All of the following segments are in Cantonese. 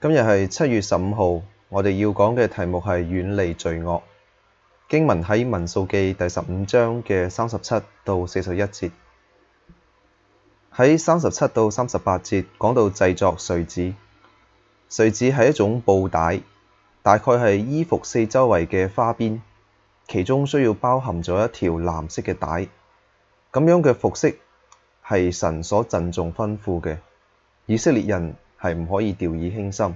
今日係七月十五號，我哋要講嘅題目係遠離罪惡。經文喺民數記第十五章嘅三十七到四十一節。喺三十七到三十八節講到製作穗子，穗子係一種布帶，大概係衣服四周圍嘅花邊，其中需要包含咗一條藍色嘅帶。咁樣嘅服飾係神所慎重吩咐嘅以色列人。係唔可以掉以輕心。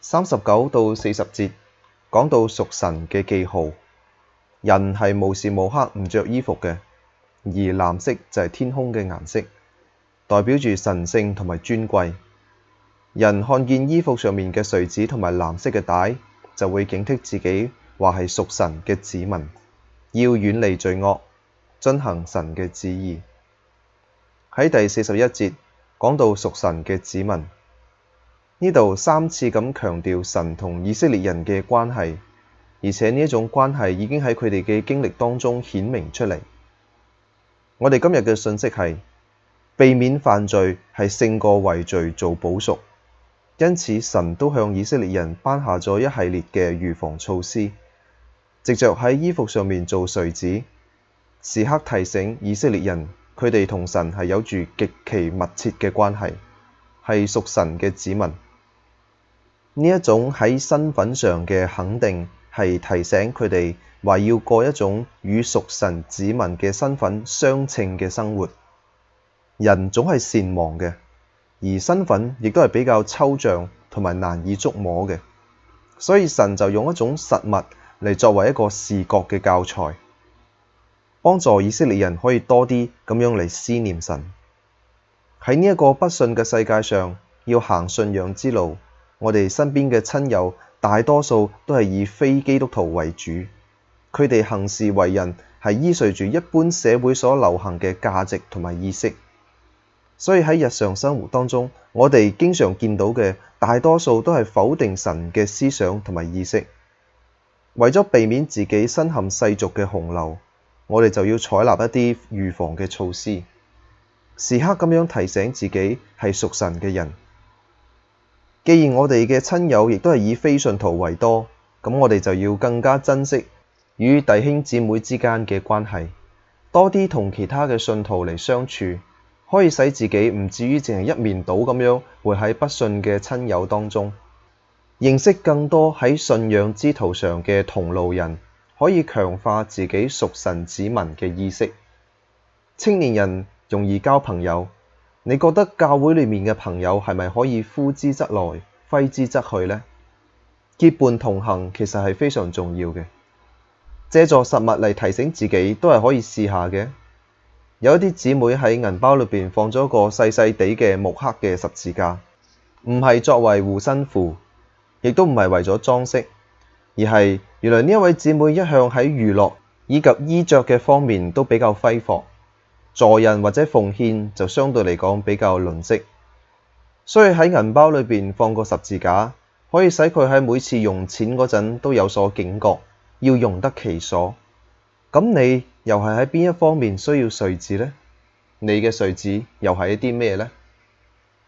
三十九到四十節講到屬神嘅記號，人係無時無刻唔着衣服嘅，而藍色就係天空嘅顏色，代表住神性同埋尊貴。人看見衣服上面嘅穗子同埋藍色嘅帶，就會警惕自己話係屬神嘅子民，要遠離罪惡，遵行神嘅旨意。喺第四十一節，講到屬神嘅子民，呢度三次咁強調神同以色列人嘅關係，而且呢一種關係已經喺佢哋嘅經歷當中顯明出嚟。我哋今日嘅信息係避免犯罪係勝過為罪做補贖，因此神都向以色列人頒下咗一系列嘅預防措施，藉著喺衣服上面做繸子，時刻提醒以色列人。佢哋同神係有住極其密切嘅關係，係屬神嘅子民。呢一種喺身份上嘅肯定，係提醒佢哋話要過一種與屬神子民嘅身份相稱嘅生活。人總係善忘嘅，而身份亦都係比較抽象同埋難以捉摸嘅，所以神就用一種實物嚟作為一個視覺嘅教材。幫助以色列人可以多啲咁樣嚟思念神。喺呢一個不信嘅世界上，要行信仰之路。我哋身邊嘅親友大多數都係以非基督徒為主，佢哋行事為人係依隨住一般社會所流行嘅價值同埋意識，所以喺日常生活當中，我哋經常見到嘅大多數都係否定神嘅思想同埋意識，為咗避免自己身陷世俗嘅洪流，我哋就要採納一啲預防嘅措施，時刻咁樣提醒自己係屬神嘅人。既然我哋嘅親友亦都係以非信徒為多，咁我哋就要更加珍惜與弟兄姊妹之間嘅關係，多啲同其他嘅信徒嚟相處，可以使自己唔至於淨係一面倒咁樣活喺不信嘅親友當中，認識更多喺信仰之途上嘅同路人。可以強化自己屬神子民嘅意識。青年人容易交朋友，你覺得教會裏面嘅朋友係咪可以呼之則來，揮之則去呢？結伴同行其實係非常重要嘅。借助實物嚟提醒自己，都係可以試下嘅。有一啲姊妹喺銀包裏邊放咗個細細地嘅木刻嘅十字架，唔係作為護身符，亦都唔係為咗裝飾。而係原來呢位姐妹一向喺娛樂以及衣着嘅方面都比較揮霍，助人或者奉獻就相對嚟講比較吝嗇，所以喺銀包裏邊放個十字架，可以使佢喺每次用錢嗰陣都有所警覺，要用得其所。咁你又係喺邊一方面需要繸子呢？你嘅繸子又係一啲咩呢？